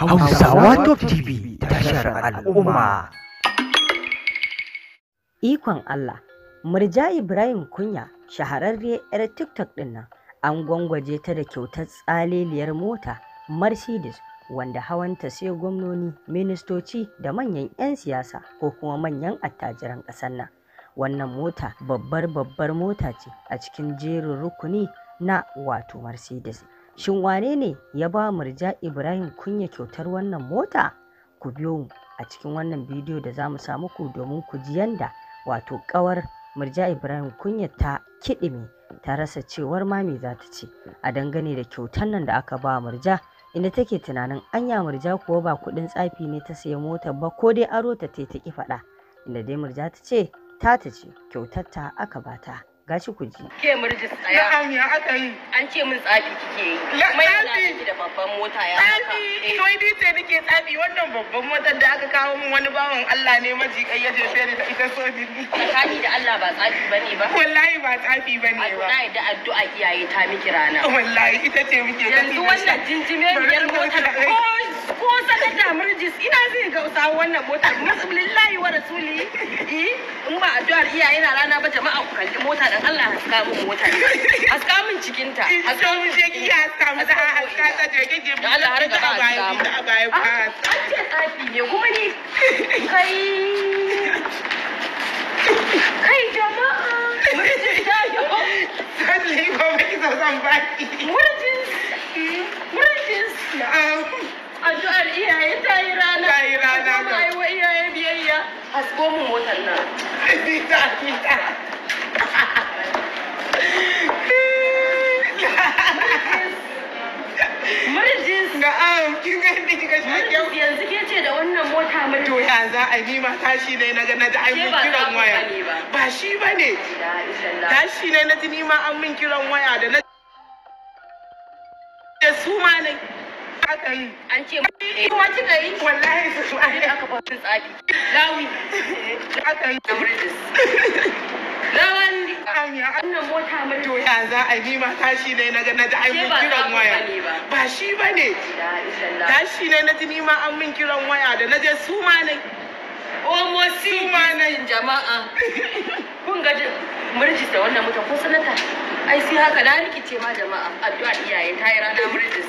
Hausawa Top TV tashar al'umma. Ikon Allah, Murja Ibrahim Kunya shahararre 'yar TikTok ɗin nan an gwangwaje ta da kyautar tsaleliyar mota Mercedes wanda hawanta sai gwamnoni, ministoci da manyan 'yan siyasa ko kuma manyan attajiran ƙasar nan. Wannan mota babbar babbar mota ce a cikin jerin rukuni na wato Mercedes. Shin wane ne ya ba Murja Ibrahim Kunya kyautar wannan mota? Ku biyo mu a cikin wannan bidiyo da za mu samu ku domin ku ji yanda wato ƙawar Murja Ibrahim Kunya ta kiɗime ta rasa cewar ma me za ta ce a dangane da kyautar nan da aka ba Murja inda take tunanin anya Murja kuwa ba kuɗin tsafi ne ta sayi motar ba ko dai aro ta ta ki faɗa inda dai Murja ta ce ta ta ce kyautar ta aka ta. gashi ku ji. Ke murji tsaya. Na'am ya aka yi. An ce min tsafi kike yi. Kuma yana miki da babban mota ya haka. Tsafi eh. to ni ce nake tsafi wannan babban motar da aka kawo min wani bawan Allah ne maji kai ya jefe ni da ita so ni. Tsafi da Allah ba tsafi bane ba. Wallahi ba tsafi bane ba. Allah da addu'a iyaye ta miki rana. Wallahi ita ce muke tsafi. Yanzu wannan jinjimiyar motar ko ko sanata murjis ina zai ga usawo wannan motar lillahi wa rasuli eh, in ba addu'ar iyaye na rana ba jama'a ku kalli mota dan Allah haska min mota haska min cikin ta haska min je ki haska min da haska ta je Allah har ba ah, an ce ne kuma ni kai kai jama'a murjis da yo sai ko zan baki murjis eh, murjis na'am ɗauko mu nan dita dita ga kin ga yanzu ke ce da wannan mota to ya za a yi ma tashi ne na ga na ji mun kiran waya ba shi tashi ne na ji ni ma an min kiran waya da na da su ma ne aka yi an ce eh, kuma kika yi wallahi su ai aka ba su tsafi lawi eh, aka yi amridis lawan wannan mota mai to ya za a yi ma tashi ne na ga na da ai mun kiran waya ba shi ba ne. tashi ne na ji ma an min kiran waya da na je su ma ne Omo si ma ne jama'a kun ga da wannan mutum ko sanata ai sai haka na rikice ma jama'a addu'a iyaye ta yi rana murjis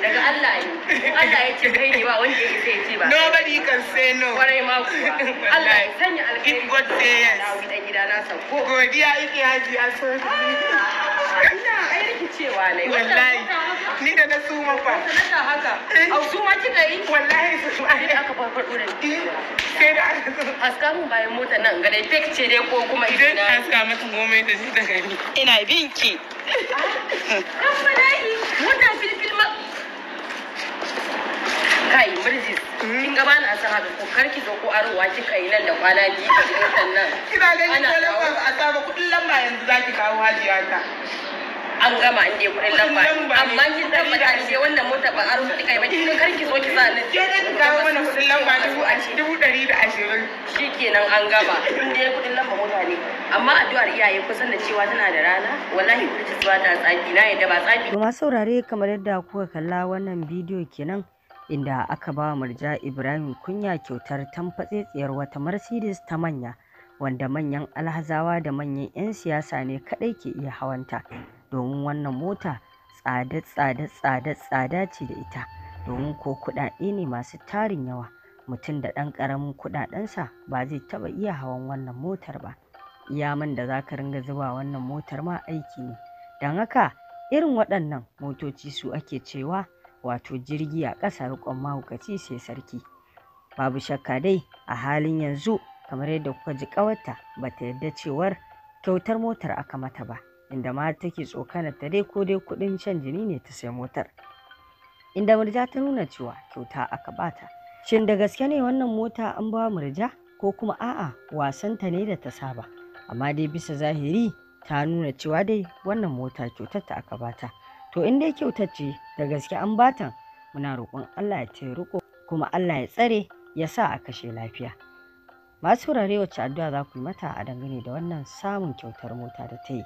daga Allah ne Allah ya ce kai ne ba wanda ya isa ya ce ba nobody can say no kwarai ma kuwa Allah ya sanya alkhairi in God say yes na wuce gida na sauko godiya yake haji a so ina ai rikicewa ne wallahi ni da na suma fa sanata haka au suma kika yi wallahi su sai aka farfado da ni eh, sai da aka aska mun bayan mota nan ga dai fake ce dai ko kuma idan haska mata goma ta ji da gani ina binki ah, san haka ko kar ki zo ko arowa kika yi nan da kwana biyu a cikin sannan kina ganin ko lamba a saba kudin lamba yanzu zaki kawo hajiya ta an gama inda kudin lamba amma kin tabbata ke wannan mota ba aro ki kai ba kin kar ki zo ki sa nan ke da ki kawo mana kudin lamba dubu dari da ashirin shikenan an gama inda kudin lamba mota ne amma addu'ar iyaye kusan da cewa tana da rana wallahi kurtis ba ta tsaki na yadda ba tsaki to ma saurare kamar yadda kuka kalla wannan bidiyo kenan inda aka ba Murja Ibrahim Kunya kyautar tamfatsetsiyar wata Mercedes ta manya wanda manyan alhazawa da manyan 'yan siyasa ne kaɗai ke iya hawanta domin wannan mota tsada-tsada-tsada-tsada ce da ita domin ko kuɗaɗe ne masu tarin yawa mutum da ɗan ƙaramin kuɗaɗensa ba zai taɓa iya hawan wannan motar ba iya man da za ka ringa zuba wannan motar ma aiki ne don haka irin waɗannan motoci su ake cewa wato jirgi a ƙasa riƙon mahaukaci sai sarki babu shakka dai a halin yanzu kamar yadda kuka ji ƙawarta ba ta yarda cewar kyautar motar aka mata ba inda ma take tsokanar ta dai ko dai kuɗin shan jini ne ta sai motar inda murja ta nuna cewa kyauta aka bata shin da gaske ne wannan mota an ba murja ko kuma a'a wasan ta ne da ta saba amma dai bisa zahiri ta nuna cewa dai wannan mota kyautar ta aka bata to in dai kyautacce da gaske an batan muna roƙon Allah ya ce riko kuma Allah ya tsare ya sa a kashe lafiya masu wurare wacce addu'a za ku yi mata a dangane da wannan samun kyautar mota da ta yi